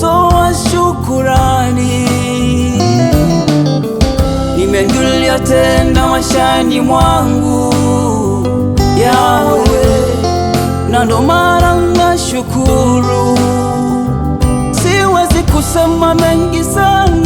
kutoa shukurani. Nimejulia tenda maishani mwangu Yawe, na ndo mara nashukuru. Siwezi kusema mengi sana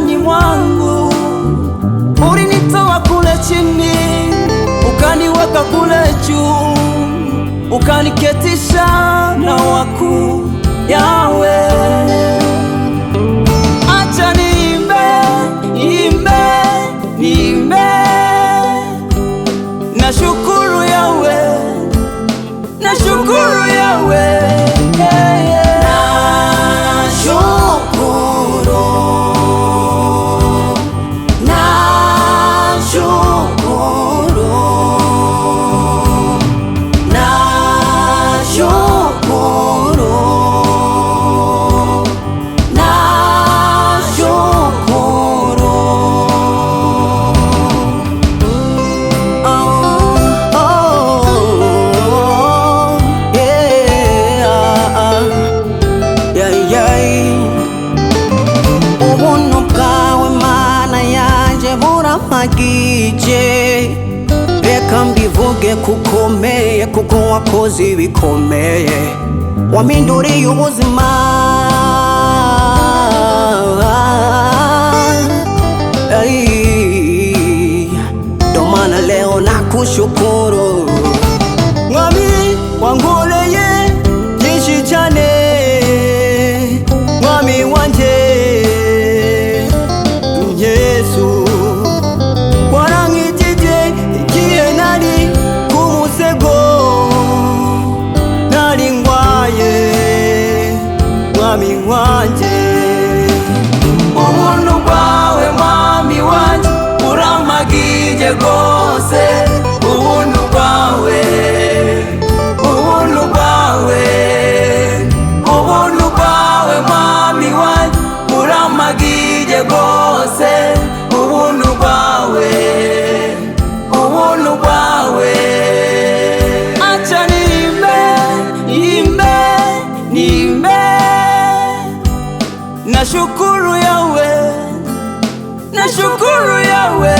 maishani mwangu, ulinitoa kule chini, ukaniweka kule juu, ukaniketisha na wakuu yawe amagije reka mbivuge kukomeye kuko wakoze ibikomeye waminduriye ubuzima mwami wanje ubuntu bwawe mwami wanje uramagije gose na shukuru yawe, na yawe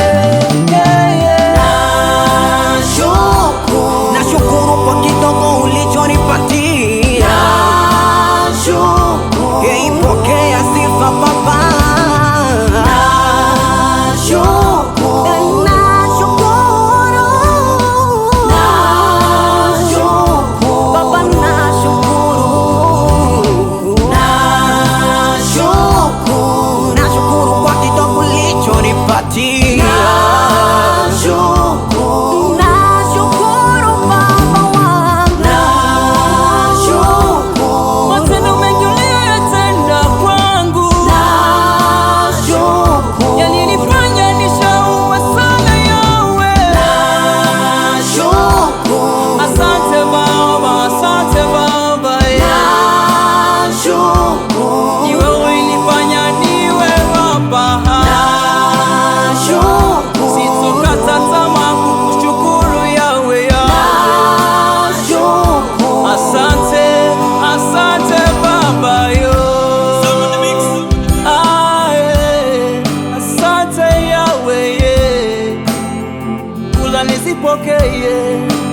Yeah.